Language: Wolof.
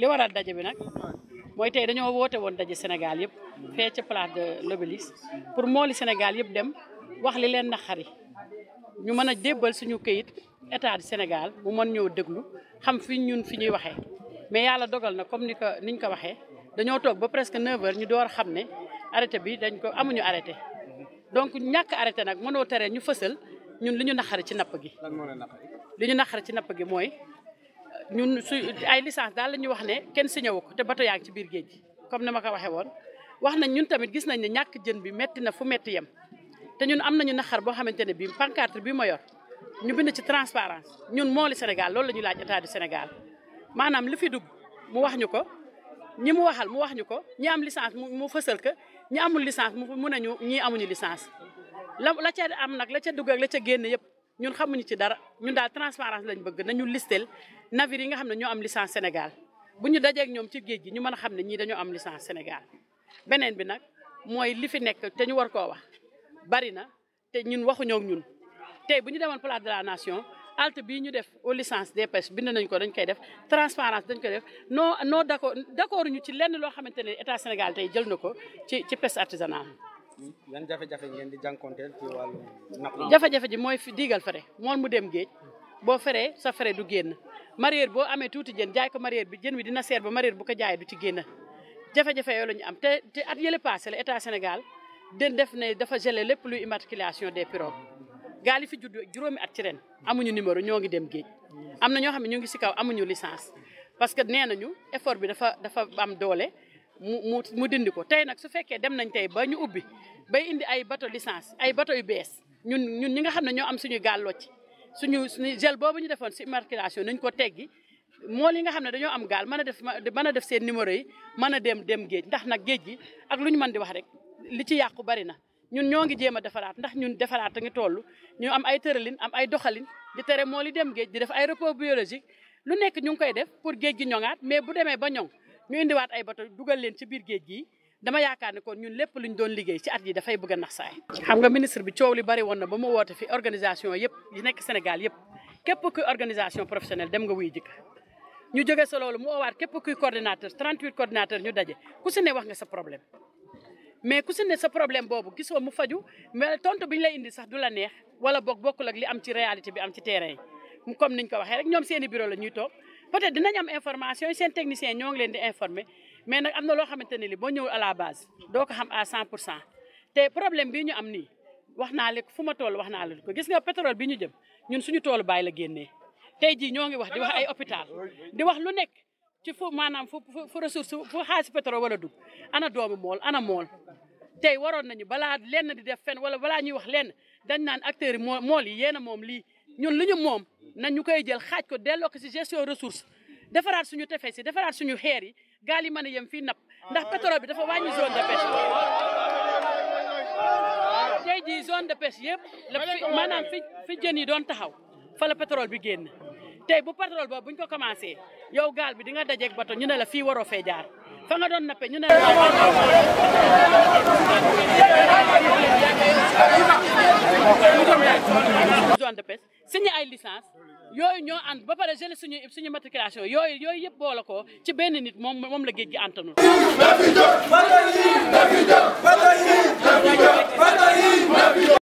li waral daje bi nag mooy tey dañoo woote woon daje Sénégal yëpp fee ca place de l'Obélisque pour mooli Sénégal yëpp dem wax li leen naqari ñu mën a débbal suñu kayit état du Sénégal mu mën ñoo déglu xam fi ñun fi ñuy waxee mais yàlla dogal na comme ni ko niñ ko waxee dañoo toog ba presque 9h ñu door xam ne arrêté bi dañ ko amuñu arrêté donc ñàkk arrêté nag mënoo teree ñu fësal ñun li ñu naqari ci napp gi. lan moo li ñu naqari ci napp gi mooy ñun su ay licence daal la ñu wax ne kenn si wu ko te bato yaa ngi ci biir géej gi comme ni ma ko waxee woon wax nañ ñun tamit gis nañ ne ñàkk jën bi metti na fu metti yem te ñun am nañu xar boo xamante ne bii pancarte bi ma yor ñu bind ci transparence ñun moo Sénégal loolu la ñu laaj état du Sénégal maanaam li fi dugg mu wax ñu ko ñi mu waxal mu wax ñu ko ñi am licence mu fësal ko ñi amul licence mu a ñu ñii amuñu licence la la ca am nag la ca dugg la ca génn yëpp ñun xamuñu ci dara ñun daal transparence lañ bëgg nañu listel navire yi nga xam ne ñoo am licence Sénégal bu ñu dajeek ñoom ci géej gi ñu mën a xam ne ñii dañoo am licence Sénégal beneen bi nag mooy li fi nekk te ñu war koo wax bari na te ñun waxuñoo ñun te bu ñu demoon place de la nation halte bii ñu def aux licences des pêches bind nañ ko dañ koy def transparence dañ koy def no non d'accord d'accord ñu ci lenn loo xamante ne état Sénégal tey jël na ko ci ci pêche artisanale yan jafe-jafe di jànkonteel ci wàllu jafe-jafe ji mooy fi diigal fere mool mu dem géej boo feree sa fere du génn mareyeur boo amee tuuti jën jaay ko mareyeur bi jën wi dina seer ba mareyeur bu ko jaayee du ci génn jafe-jafe yooyu la ñu am te te at yële passé la état Sénégal def ne dafa gelé lépp luy immatriculation des pirogues gaal yi fi judd juróomi at ci ren amuñu numéro ñoo ngi dem géej am na ñoo xam ne ñu ngi si kaw amuñu licence parce que nee nañu effort bi dafa dafa doole mu mu mu dindi ko tey nag su fekkee dem nañ tey ba ñu ubbi bay indi ay bateau licence ay bateau yu bees ñun ñun ñi nga xam ne ñoo am suñu gaal locc suñu suñu gel boobu ñu defoon si immatriculation nañ ko teggi mool yi nga xam ne dañoo am gaal mën a def mën a def seen numéro yi mën dem dem géej ndax nag géej gi ak lu ñu mën di wax rek li ci yàqu bari na ñun ñoo ngi jéem a defaraat ndax ñun defaraat a ngi toll ñu am ay tëralin am ay doxalin di tere mool yi dem géej di def ay repos biologique lu nekk ñu ngi koy def pour géej gi ñoŋaat mais bu demee ba ñoŋ ñu indiwaat ay bato dugal leen ci biir géej gi dama yaakaar ne koon ñun lépp luñ doon liggéey ci at yi dafay bëgg a nax saay xam nga ministre bi coow li bari woon na ba mu woote fi organisation yëpp yi nekk Sénégal yëpp képp kuy organisation professionnelle dem nga wuy jëkk ñu jóge sa loolu mu oowaat képp kuy coordinateur 38 coordinateur ñu daje ku si ne wax nga sa problème mais ku si ne sa problème boobu gisoo mu faju mais tontu bi ñu lay indi sax du la neex wala boog bokkul ak li am ci réalité bi am ci terrain yi comme niñ ko waxee rek ñoom seen i bureau la toog peut-être dinañ am information yi seen technicien ñoo ngi leen di informer mais nag am na loo xamante ne li boo ñëwul à la base doo ko xam à 100 pour cent te problème bi ñu am ni wax naa la fu ma toll wax naa la ko gis nga pétrole bi ñu jëm ñun suñu toolu bàyyi la génne te jii ñoo ngi wax di wax ay hôpital di wax lu nekk ci fu maanaam fu fu ressource fu xaalis pétrole wala dugg ana doomu mool ana mool te waroon nañu balaa lenn di def fen wala balaa ñuy wax lenn dañ naan acteurs yi mool yi yéen a moom lii ñun lu ñu moom ñu koy jël xaaj ko delloo ko si gestion ressource defaraat suñu tefes yi defaraat suñu xeer yi gaal yi man a yem fii napp ndax pétrole bi dafa wàññi zone de pêche tey jii zone de pêche yëpp la maanaam fi jën yi doon taxaw fa la bi génn tey bu pétrole boobu ñu ko commencé yow gaal bi di nga dajeeg bato ñu ne la fii waroo fee jaar fa nga doon nappe ñu ne la de pêche ay licence yooyu ñoo ànd ba pare jëlee suñu suñu matriculation yooyu yooyu yëpp boole ko ci benn nit moom moom la géej gi antanul